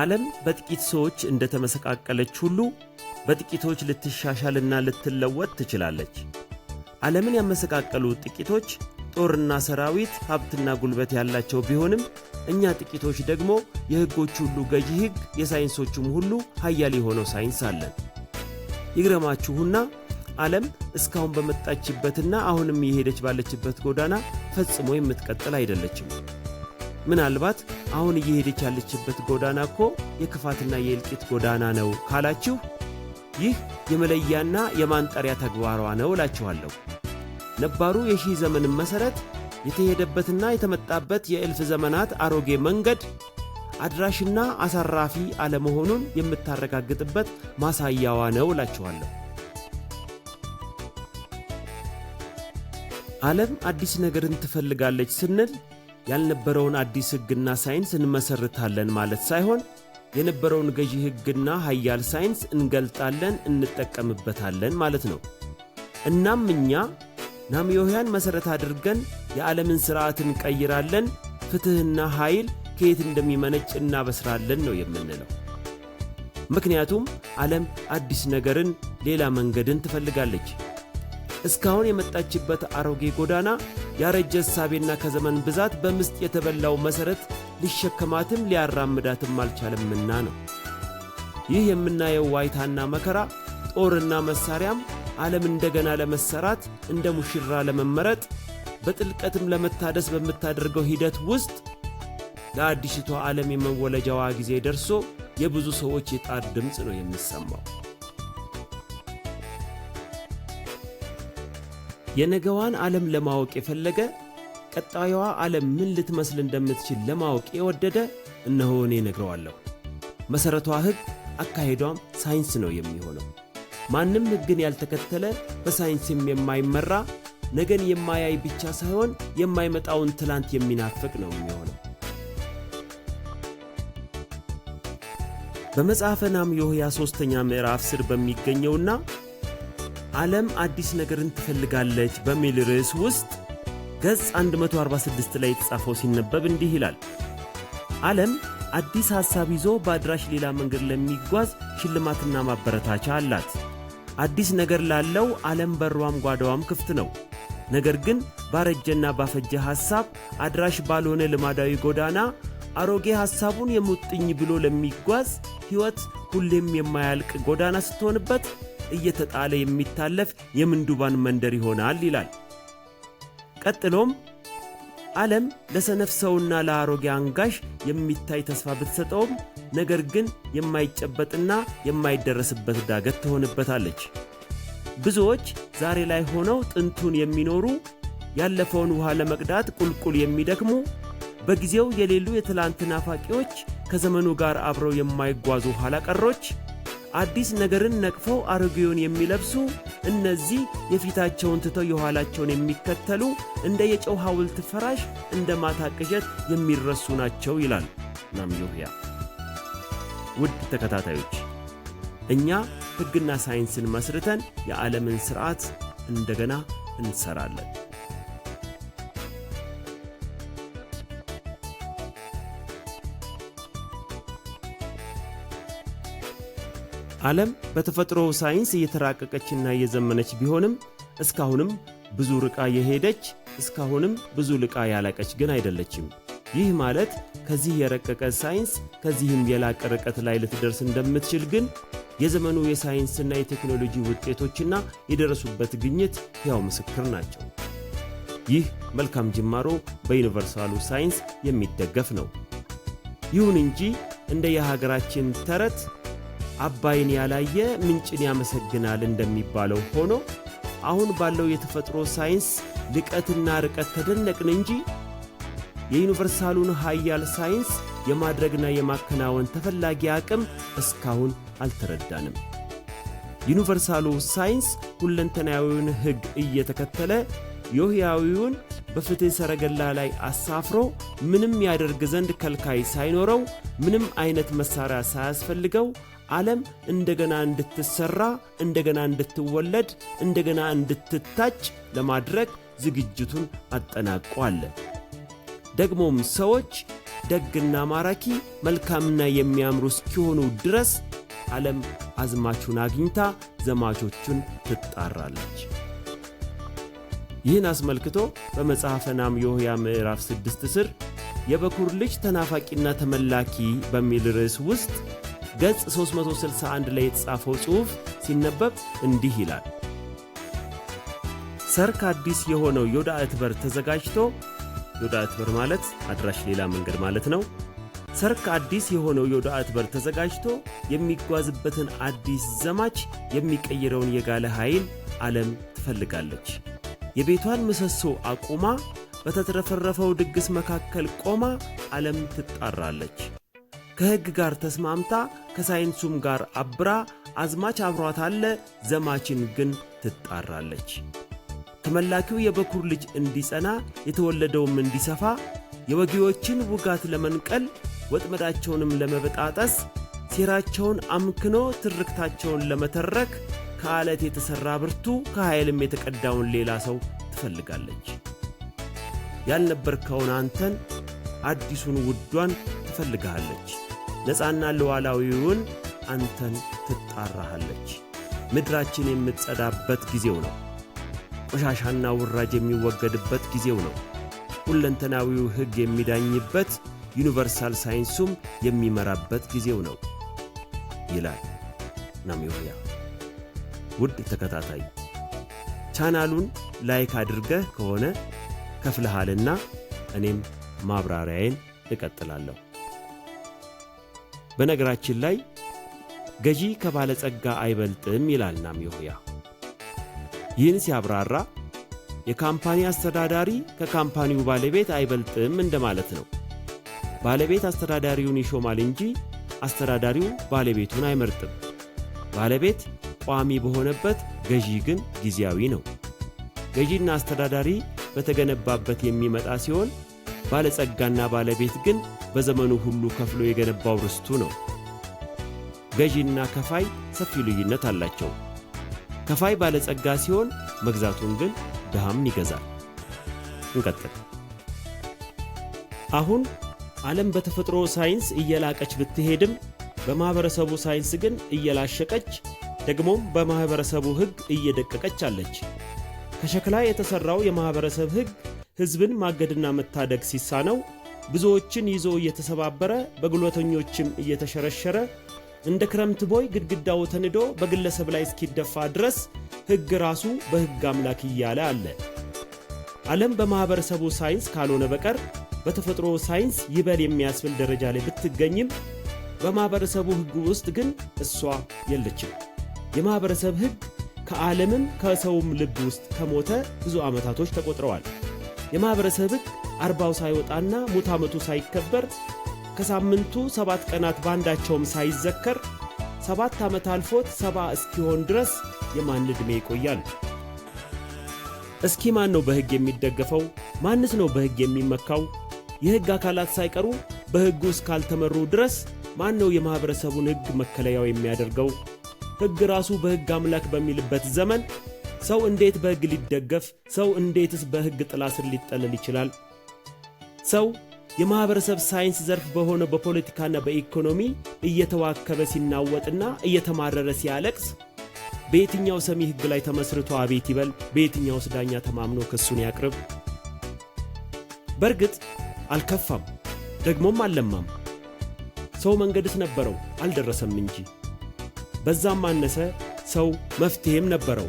ዓለም በጥቂት ሰዎች እንደተመሰቃቀለች ሁሉ በጥቂቶች ልትሻሻልና ልትለወጥ ትችላለች። ዓለምን ያመሰቃቀሉ ጥቂቶች ጦርና ሰራዊት፣ ሀብትና ጉልበት ያላቸው ቢሆንም እኛ ጥቂቶች ደግሞ የሕጎች ሁሉ ገዢ ሕግ፣ የሳይንሶቹም ሁሉ ኃያል የሆነው ሳይንስ አለን። ይግረማችሁና ዓለም እስካሁን በመጣችበትና አሁንም የሄደች ባለችበት ጎዳና ፈጽሞ የምትቀጥል አይደለችም። ምናልባት አሁን እየሄደች ያለችበት ጎዳና እኮ የክፋትና የእልቂት ጎዳና ነው ካላችሁ ይህ የመለያና የማንጠሪያ ተግባሯ ነው እላችኋለሁ። ነባሩ የሺህ ዘመንም መሠረት የተሄደበትና የተመጣበት የእልፍ ዘመናት አሮጌ መንገድ አድራሽና አሳራፊ አለመሆኑን የምታረጋግጥበት ማሳያዋ ነው እላችኋለሁ። ዓለም አዲስ ነገርን ትፈልጋለች ስንል ያልነበረውን አዲስ ሕግና ሳይንስ እንመሰርታለን ማለት ሳይሆን የነበረውን ገዢ ሕግና ኃያል ሳይንስ እንገልጣለን፣ እንጠቀምበታለን ማለት ነው። እናም እኛ ናምዮህያን መሠረት አድርገን የዓለምን ሥርዓት እንቀይራለን፣ ፍትሕና ኃይል ከየት እንደሚመነጭ እናበስራለን ነው የምንለው። ምክንያቱም ዓለም አዲስ ነገርን፣ ሌላ መንገድን ትፈልጋለች። እስካሁን የመጣችበት አሮጌ ጎዳና ያረጀ እሳቤና ከዘመን ብዛት በምስጥ የተበላው መሠረት ሊሸከማትም ሊያራምዳትም አልቻለምና ነው። ይህ የምናየው ዋይታና መከራ ጦርና መሳሪያም ዓለም እንደገና ለመሰራት እንደ ሙሽራ ለመመረጥ በጥልቀትም ለመታደስ በምታደርገው ሂደት ውስጥ ለአዲስቷ ዓለም የመወለጃዋ ጊዜ ደርሶ የብዙ ሰዎች የጣር ድምፅ ነው የሚሰማው። የነገዋን ዓለም ለማወቅ የፈለገ ቀጣዩዋ ዓለም ምን ልትመስል እንደምትችል ለማወቅ የወደደ እነሆ እኔ ነግረዋለሁ መሠረቷ ሕግ፣ አካሄዷም ሳይንስ ነው የሚሆነው። ማንም ሕግን ያልተከተለ በሳይንስም የማይመራ ነገን የማያይ ብቻ ሳይሆን የማይመጣውን ትላንት የሚናፍቅ ነው የሚሆነው። በመጽሐፈ ናምዮህያ ሦስተኛ ምዕራፍ ስር በሚገኘውና ዓለም አዲስ ነገርን ትፈልጋለች በሚል ርዕስ ውስጥ ገጽ 146 ላይ የተጻፈው ሲነበብ እንዲህ ይላል። ዓለም አዲስ ሐሳብ ይዞ በአድራሽ ሌላ መንገድ ለሚጓዝ ሽልማትና ማበረታቻ አላት። አዲስ ነገር ላለው ዓለም በሯም ጓዳዋም ክፍት ነው። ነገር ግን ባረጀና ባፈጀ ሐሳብ አድራሽ ባልሆነ ልማዳዊ ጎዳና አሮጌ ሐሳቡን የሙጥኝ ብሎ ለሚጓዝ ሕይወት ሁሌም የማያልቅ ጎዳና ስትሆንበት እየተጣለ የሚታለፍ የምንዱባን መንደር ይሆናል ይላል። ቀጥሎም ዓለም ለሰነፍ ሰውና ለአሮጌ አንጋሽ የሚታይ ተስፋ ብትሰጠውም ነገር ግን የማይጨበጥና የማይደረስበት ዳገት ትሆንበታለች። ብዙዎች ዛሬ ላይ ሆነው ጥንቱን የሚኖሩ ያለፈውን ውሃ ለመቅዳት ቁልቁል የሚደክሙ በጊዜው የሌሉ የትላንት ናፋቂዎች ከዘመኑ ጋር አብረው የማይጓዙ ኋላ ቀሮች አዲስ ነገርን ነቅፎ አሮጌውን የሚለብሱ እነዚህ የፊታቸውን ትተው የኋላቸውን የሚከተሉ እንደ የጨው ሐውልት ፈራሽ እንደ ማታ ቅዠት የሚረሱ ናቸው ይላል ናምዮህያ። ውድ ተከታታዮች እኛ ሕግና ሳይንስን መስርተን የዓለምን ሥርዓት እንደገና እንሠራለን። ዓለም በተፈጥሮ ሳይንስ እየተራቀቀችና እየዘመነች ቢሆንም እስካሁንም ብዙ ርቃ የሄደች እስካሁንም ብዙ ልቃ ያለቀች ግን አይደለችም። ይህ ማለት ከዚህ የረቀቀ ሳይንስ ከዚህም የላቀ ርቀት ላይ ልትደርስ እንደምትችል ግን የዘመኑ የሳይንስና የቴክኖሎጂ ውጤቶችና የደረሱበት ግኝት ሕያው ምስክር ናቸው። ይህ መልካም ጅማሮ በዩኒቨርሳሉ ሳይንስ የሚደገፍ ነው። ይሁን እንጂ እንደ የሀገራችን ተረት አባይን ያላየ ምንጭን ያመሰግናል እንደሚባለው ሆኖ አሁን ባለው የተፈጥሮ ሳይንስ ልቀትና ርቀት ተደነቅን እንጂ የዩኒቨርሳሉን ኃያል ሳይንስ የማድረግና የማከናወን ተፈላጊ አቅም እስካሁን አልተረዳንም። ዩኒቨርሳሉ ሳይንስ ሁለንተናዊውን ሕግ እየተከተለ ዮሕያዊውን በፍትሕ ሰረገላ ላይ አሳፍሮ ምንም ያደርግ ዘንድ ከልካይ ሳይኖረው ምንም አይነት መሣሪያ ሳያስፈልገው ዓለም እንደገና እንድትሰራ እንደገና እንድትወለድ፣ እንደገና እንድትታጭ ለማድረግ ዝግጅቱን አጠናቋል። ደግሞም ሰዎች ደግና ማራኪ መልካምና የሚያምሩ እስኪሆኑ ድረስ ዓለም አዝማቹን አግኝታ ዘማቾቹን ትጣራለች። ይህን አስመልክቶ በመጽሐፈ ናምዮህያ ምዕራፍ ስድስት ስር የበኩር ልጅ ተናፋቂና ተመላኪ በሚል ርዕስ ውስጥ ገጽ 361 ላይ የተጻፈው ጽሑፍ ሲነበብ እንዲህ ይላል። ሰርክ አዲስ የሆነው ዮዳ እትበር ተዘጋጅቶ ዮዳ እትበር ማለት አድራሽ ሌላ መንገድ ማለት ነው። ሰርክ አዲስ የሆነው ዮዳ እትበር ተዘጋጅቶ የሚጓዝበትን አዲስ ዘማች የሚቀይረውን የጋለ ኃይል ዓለም ትፈልጋለች። የቤቷን ምሰሶ አቁማ በተትረፈረፈው ድግስ መካከል ቆማ ዓለም ትጣራለች። ከሕግ ጋር ተስማምታ ከሳይንሱም ጋር አብራ አዝማች አብሯት አለ፣ ዘማችን ግን ትጣራለች። ተመላኪው የበኩር ልጅ እንዲጸና የተወለደውም እንዲሰፋ የወጊዎችን ውጋት ለመንቀል ወጥመዳቸውንም ለመበጣጠስ ሴራቸውን አምክኖ ትርክታቸውን ለመተረክ ከዓለት የተሠራ ብርቱ ከኃይልም የተቀዳውን ሌላ ሰው ትፈልጋለች። ያልነበርከውን አንተን አዲሱን ውዷን ትፈልግሃለች። ነፃና ሉዓላዊውን አንተን ትጣራሃለች። ምድራችን የምትጸዳበት ጊዜው ነው። ቆሻሻና ውራጅ የሚወገድበት ጊዜው ነው። ሁለንተናዊው ሕግ የሚዳኝበት ዩኒቨርሳል ሳይንሱም የሚመራበት ጊዜው ነው ይላል ናሚሆያ። ውድ ተከታታይ ቻናሉን ላይክ አድርገህ ከሆነ ከፍልሃልና እኔም ማብራሪያዬን እቀጥላለሁ። በነገራችን ላይ ገዢ ከባለጸጋ አይበልጥም ይላል ናምዮህያ። ይህን ሲያብራራ የካምፓኒ አስተዳዳሪ ከካምፓኒው ባለቤት አይበልጥም እንደማለት ነው። ባለቤት አስተዳዳሪውን ይሾማል እንጂ አስተዳዳሪው ባለቤቱን አይመርጥም። ባለቤት ቋሚ በሆነበት፣ ገዢ ግን ጊዜያዊ ነው። ገዢና አስተዳዳሪ በተገነባበት የሚመጣ ሲሆን ባለጸጋና ባለቤት ግን በዘመኑ ሁሉ ከፍሎ የገነባው ርስቱ ነው። ገዢና ከፋይ ሰፊ ልዩነት አላቸው። ከፋይ ባለጸጋ ሲሆን መግዛቱን ግን ድሃም ይገዛል። እንቀጥል። አሁን ዓለም በተፈጥሮ ሳይንስ እየላቀች ብትሄድም በማኅበረሰቡ ሳይንስ ግን እየላሸቀች ደግሞም በማኅበረሰቡ ሕግ እየደቀቀች አለች። ከሸክላ የተሠራው የማኅበረሰብ ሕግ ሕዝብን ማገድና መታደግ ሲሳነው ብዙዎችን ይዞ እየተሰባበረ በጉልበተኞችም እየተሸረሸረ እንደ ክረምት ቦይ ግድግዳው ተንዶ በግለሰብ ላይ እስኪደፋ ድረስ ሕግ ራሱ በሕግ አምላክ እያለ አለ። ዓለም በማኅበረሰቡ ሳይንስ ካልሆነ በቀር በተፈጥሮ ሳይንስ ይበል የሚያስብል ደረጃ ላይ ብትገኝም በማኅበረሰቡ ሕግ ውስጥ ግን እሷ የለችም። የማኅበረሰብ ሕግ ከዓለምም ከሰውም ልብ ውስጥ ከሞተ ብዙ ዓመታቶች ተቆጥረዋል። የማኅበረሰብ ሕግ አርባው ሳይወጣና ሙት ዓመቱ ሳይከበር ከሳምንቱ ሰባት ቀናት በአንዳቸውም ሳይዘከር ሰባት ዓመት አልፎት ሰባ እስኪሆን ድረስ የማን ዕድሜ ይቆያል? እስኪ ማን ነው በሕግ የሚደገፈው? ማንስ ነው በሕግ የሚመካው? የሕግ አካላት ሳይቀሩ በሕጉ እስካልተመሩ ድረስ ማን ነው የማኅበረሰቡን ሕግ መከለያው የሚያደርገው? ሕግ ራሱ በሕግ አምላክ በሚልበት ዘመን ሰው እንዴት በሕግ ሊደገፍ፣ ሰው እንዴትስ በሕግ ጥላ ስር ሊጠለል ይችላል? ሰው የማኅበረሰብ ሳይንስ ዘርፍ በሆነ በፖለቲካና በኢኮኖሚ እየተዋከበ ሲናወጥና እየተማረረ ሲያለቅስ በየትኛው ሰሚ ሕግ ላይ ተመስርቶ አቤት ይበል? በየትኛውስ ዳኛ ተማምኖ ክሱን ያቅርብ? በእርግጥ አልከፋም፣ ደግሞም አልለማም። ሰው መንገድስ ነበረው፣ አልደረሰም እንጂ። በዛም አነሰ ሰው መፍትሔም ነበረው።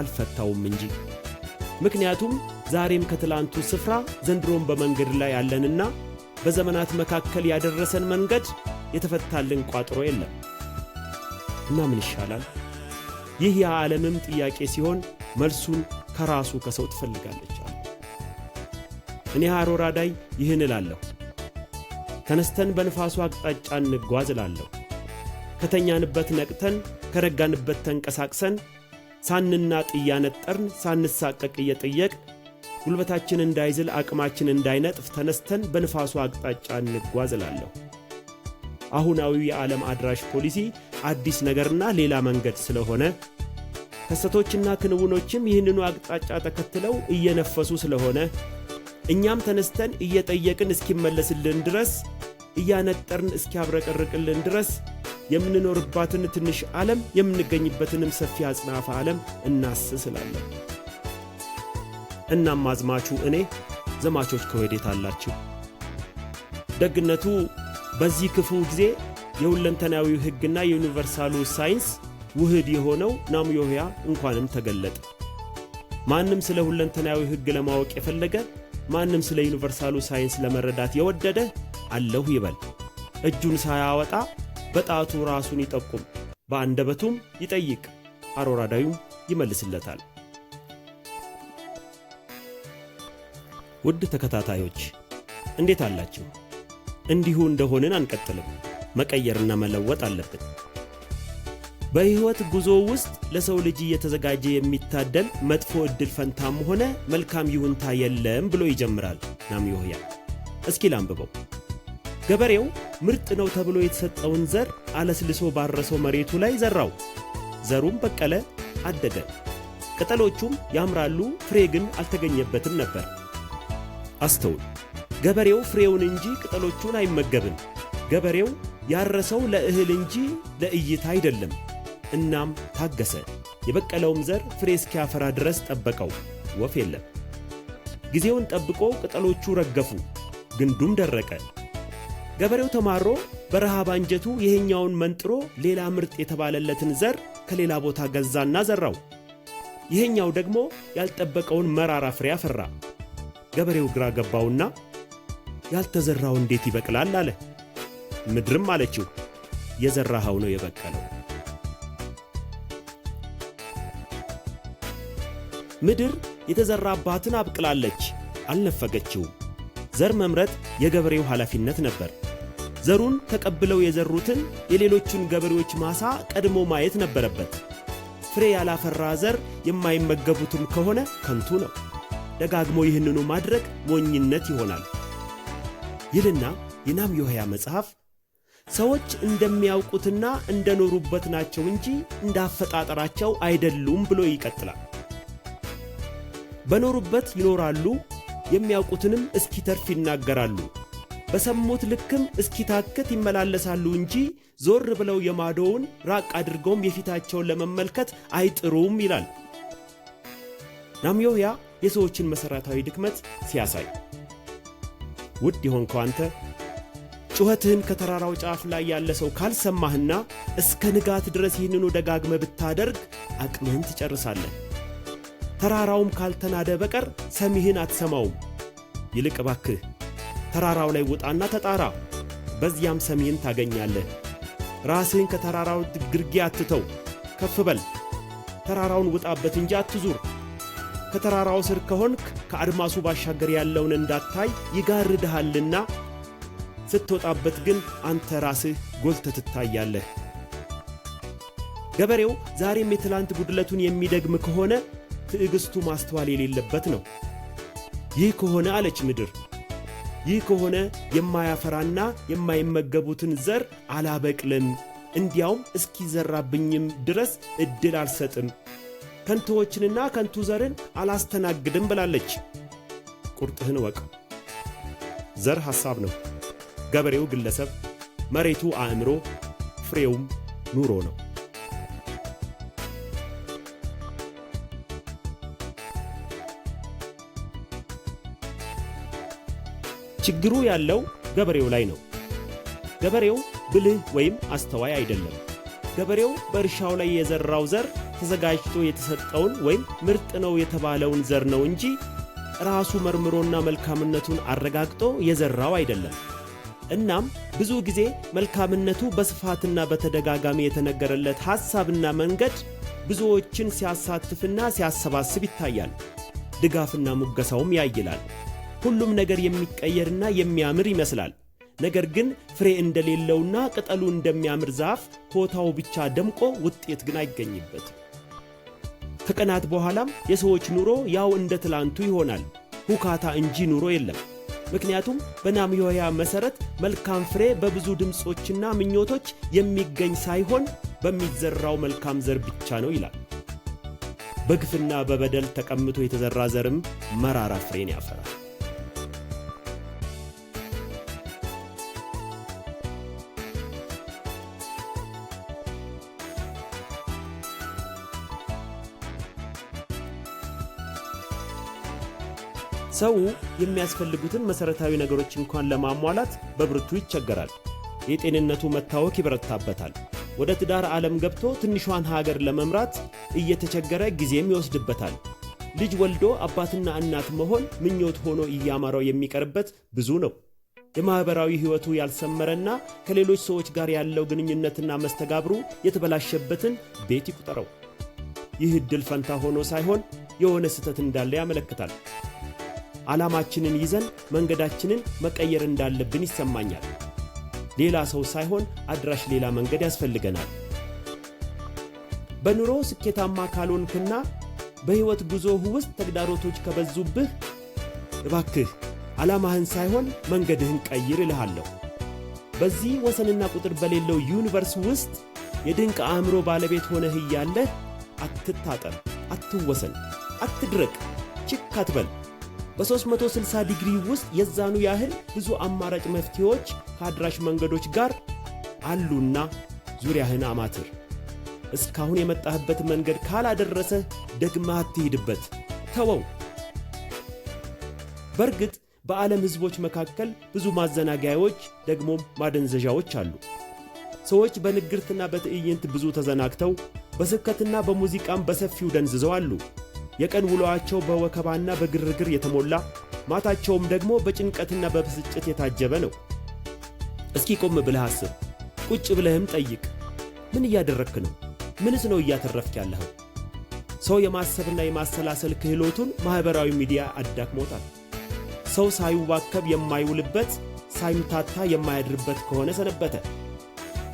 አልፈታውም እንጂ። ምክንያቱም ዛሬም ከትላንቱ ስፍራ ዘንድሮም በመንገድ ላይ ያለንና በዘመናት መካከል ያደረሰን መንገድ የተፈታልን ቋጥሮ የለም እና ምን ይሻላል? ይህ የዓለምም ጥያቄ ሲሆን መልሱን ከራሱ ከሰው ትፈልጋለች አሉ። እኔ አሮራዳይ ይህን እላለሁ። ተነስተን በንፋሱ አቅጣጫ እንጓዝ እላለሁ። ከተኛንበት ነቅተን ከረጋንበት ተንቀሳቅሰን ሳንናጥ እያነጠርን ሳንሳቀቅ እየጠየቅ ጉልበታችን እንዳይዝል አቅማችን እንዳይነጥፍ ተነስተን በንፋሱ አቅጣጫ እንጓዝ አሁናዊ አሁናዊው የዓለም አድራሽ ፖሊሲ አዲስ ነገርና ሌላ መንገድ ስለሆነ ከሰቶችና ክንውኖችም ይህንኑ አቅጣጫ ተከትለው እየነፈሱ ስለሆነ እኛም ተነስተን እየጠየቅን እስኪመለስልን ድረስ እያነጠርን እስኪያብረቀርቅልን ድረስ የምንኖርባትን ትንሽ ዓለም የምንገኝበትንም ሰፊ አጽናፈ ዓለም እናስስላለን። እናም አዝማቹ እኔ ዘማቾች ከወዴት አላችሁ? ደግነቱ በዚህ ክፉ ጊዜ የሁለንተናዊ ሕግና የዩኒቨርሳሉ ሳይንስ ውህድ የሆነው ናሙዮያ እንኳንም ተገለጠ። ማንም ስለ ሁለንተናዊ ሕግ ለማወቅ የፈለገ ማንም ስለ ዩኒቨርሳሉ ሳይንስ ለመረዳት የወደደ አለሁ ይበል። እጁን ሳያወጣ በጣቱ ራሱን ይጠቁም፣ በአንደበቱም ይጠይቅ፣ አሮራዳዩም ይመልስለታል። ውድ ተከታታዮች እንዴት አላችሁ? እንዲሁ እንደሆንን አንቀጥልም። መቀየርና መለወጥ አለብን። በሕይወት ጉዞ ውስጥ ለሰው ልጅ እየተዘጋጀ የሚታደል መጥፎ ዕድል ፈንታም ሆነ መልካም ይሁንታ የለም ብሎ ይጀምራል ናምዮህያ። እስኪ ላንብበው። ገበሬው ምርጥ ነው ተብሎ የተሰጠውን ዘር አለስልሶ ባረሰው መሬቱ ላይ ዘራው። ዘሩም በቀለ፣ አደገ። ቅጠሎቹም ያምራሉ፣ ፍሬ ግን አልተገኘበትም ነበር። አስተውል። ገበሬው ፍሬውን እንጂ ቅጠሎቹን አይመገብም። ገበሬው ያረሰው ለእህል እንጂ ለእይታ አይደለም። እናም ታገሰ። የበቀለውም ዘር ፍሬ እስኪያፈራ ድረስ ጠበቀው። ወፍ የለም። ጊዜውን ጠብቆ ቅጠሎቹ ረገፉ፣ ግንዱም ደረቀ። ገበሬው ተማሮ በረሃ አንጀቱ ይሄኛውን መንጥሮ ሌላ ምርጥ የተባለለትን ዘር ከሌላ ቦታ ገዛና ዘራው። ይሄኛው ደግሞ ያልጠበቀውን መራራ ፍሬ አፈራ። ገበሬው ግራ ገባውና ያልተዘራው እንዴት ይበቅላል አለ። ምድርም አለችው የዘራኸው ነው የበቀለው። ምድር የተዘራባትን አብቅላለች፣ አልነፈገችውም። ዘር መምረጥ የገበሬው ኃላፊነት ነበር። ዘሩን ተቀብለው የዘሩትን የሌሎቹን ገበሬዎች ማሳ ቀድሞ ማየት ነበረበት። ፍሬ ያላፈራ ዘር የማይመገቡትም ከሆነ ከንቱ ነው። ደጋግሞ ይህንኑ ማድረግ ሞኝነት ይሆናል ይልና የናም ዮሐያ መጽሐፍ ሰዎች እንደሚያውቁትና እንደኖሩበት ናቸው እንጂ እንዳፈጣጠራቸው አይደሉም ብሎ ይቀጥላል። በኖሩበት ይኖራሉ፣ የሚያውቁትንም እስኪተርፍ ይናገራሉ። በሰሙት ልክም እስኪታክት ይመላለሳሉ እንጂ ዞር ብለው የማዶውን ራቅ አድርገውም የፊታቸውን ለመመልከት አይጥሩም ይላል ናምዮያ የሰዎችን መሠረታዊ ድክመት ሲያሳይ። ውድ የሆንከው አንተ ጩኸትህን ከተራራው ጫፍ ላይ ያለ ሰው ካልሰማህና እስከ ንጋት ድረስ ይህንኑ ደጋግመ ብታደርግ አቅምህን ትጨርሳለህ። ተራራውም ካልተናደ በቀር ሰሚህን አትሰማውም። ይልቅ ባክህ ተራራው ላይ ውጣና ተጣራ፣ በዚያም ሰሜን ታገኛለህ። ራስህን ከተራራው ግርጌ አትተው፣ ከፍ በል ተራራውን ውጣበት እንጂ አትዙር። ከተራራው ስር ከሆንክ ከአድማሱ ባሻገር ያለውን እንዳታይ ይጋርድሃልና፣ ስትወጣበት ግን አንተ ራስህ ጎልተ ትታያለህ። ገበሬው ዛሬም የትላንት ጉድለቱን የሚደግም ከሆነ ትዕግሥቱ ማስተዋል የሌለበት ነው። ይህ ከሆነ አለች ምድር ይህ ከሆነ የማያፈራና የማይመገቡትን ዘር አላበቅልም፣ እንዲያውም እስኪዘራብኝም ድረስ ዕድል አልሰጥም፣ ከንቶዎችንና ከንቱ ዘርን አላስተናግድም ብላለች። ቁርጥህን ወቅ። ዘር ሐሳብ ነው፣ ገበሬው ግለሰብ፣ መሬቱ አእምሮ፣ ፍሬውም ኑሮ ነው። ችግሩ ያለው ገበሬው ላይ ነው። ገበሬው ብልህ ወይም አስተዋይ አይደለም። ገበሬው በእርሻው ላይ የዘራው ዘር ተዘጋጅቶ የተሰጠውን ወይም ምርጥ ነው የተባለውን ዘር ነው እንጂ ራሱ መርምሮና መልካምነቱን አረጋግጦ የዘራው አይደለም። እናም ብዙ ጊዜ መልካምነቱ በስፋትና በተደጋጋሚ የተነገረለት ሐሳብና መንገድ ብዙዎችን ሲያሳትፍና ሲያሰባስብ ይታያል። ድጋፍና ሙገሳውም ያይላል። ሁሉም ነገር የሚቀየርና የሚያምር ይመስላል። ነገር ግን ፍሬ እንደሌለውና ቅጠሉ እንደሚያምር ዛፍ ሆታው ብቻ ደምቆ ውጤት ግን አይገኝበትም። ከቀናት በኋላም የሰዎች ኑሮ ያው እንደ ትላንቱ ይሆናል፣ ሁካታ እንጂ ኑሮ የለም። ምክንያቱም በናምዮያ መሠረት መልካም ፍሬ በብዙ ድምፆችና ምኞቶች የሚገኝ ሳይሆን በሚዘራው መልካም ዘር ብቻ ነው ይላል። በግፍና በበደል ተቀምቶ የተዘራ ዘርም መራራ ፍሬን ያፈራል። ሰው የሚያስፈልጉትን መሠረታዊ ነገሮች እንኳን ለማሟላት በብርቱ ይቸገራል። የጤንነቱ መታወክ ይበረታበታል። ወደ ትዳር ዓለም ገብቶ ትንሿን ሀገር ለመምራት እየተቸገረ ጊዜም ይወስድበታል። ልጅ ወልዶ አባትና እናት መሆን ምኞት ሆኖ እያማረው የሚቀርበት ብዙ ነው። የማኅበራዊ ሕይወቱ ያልሰመረና ከሌሎች ሰዎች ጋር ያለው ግንኙነትና መስተጋብሩ የተበላሸበትን ቤት ይቁጠረው። ይህ ዕድል ፈንታ ሆኖ ሳይሆን የሆነ ስህተት እንዳለ ያመለክታል። ዓላማችንን ይዘን መንገዳችንን መቀየር እንዳለብን ይሰማኛል። ሌላ ሰው ሳይሆን አድራሽ ሌላ መንገድ ያስፈልገናል። በኑሮ ስኬታማ ካልሆንክና በሕይወት ጉዞህ ውስጥ ተግዳሮቶች ከበዙብህ እባክህ ዓላማህን ሳይሆን መንገድህን ቀይር እልሃለሁ። በዚህ ወሰንና ቁጥር በሌለው ዩኒቨርስ ውስጥ የድንቅ አእምሮ ባለቤት ሆነህ እያለህ አትታጠር፣ አትወሰን፣ አትድረቅ፣ ችክ አትበል። በ360 ዲግሪ ውስጥ የዛኑ ያህል ብዙ አማራጭ መፍትሄዎች ከአድራሽ መንገዶች ጋር አሉና ዙሪያህን አማትር። እስካሁን የመጣህበት መንገድ ካላደረሰህ ደግመህ አትሂድበት፣ ተወው። በእርግጥ በዓለም ሕዝቦች መካከል ብዙ ማዘናጋዮች ደግሞም ማደንዘዣዎች አሉ። ሰዎች በንግርትና በትዕይንት ብዙ ተዘናግተው፣ በስብከትና በሙዚቃም በሰፊው ደንዝዘው አሉ። የቀን ውሎአቸው በወከባና በግርግር የተሞላ ማታቸውም ደግሞ በጭንቀትና በብስጭት የታጀበ ነው። እስኪ ቆም ብለህ አስብ፣ ቁጭ ብለህም ጠይቅ። ምን እያደረግክ ነው? ምንስ ነው እያተረፍክ ያለኸው? ሰው የማሰብና የማሰላሰል ክህሎቱን ማኅበራዊ ሚዲያ አዳክሞታል። ሰው ሳይዋከብ የማይውልበት ሳይምታታ የማያድርበት ከሆነ ሰነበተ።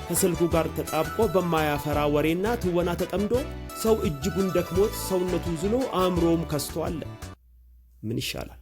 ከስልኩ ጋር ተጣብቆ በማያፈራ ወሬና ትወና ተጠምዶ ሰው እጅጉን ደክሞት ሰውነቱን ዝሎ አእምሮውም ከስቶ አለ። ምን ይሻላል?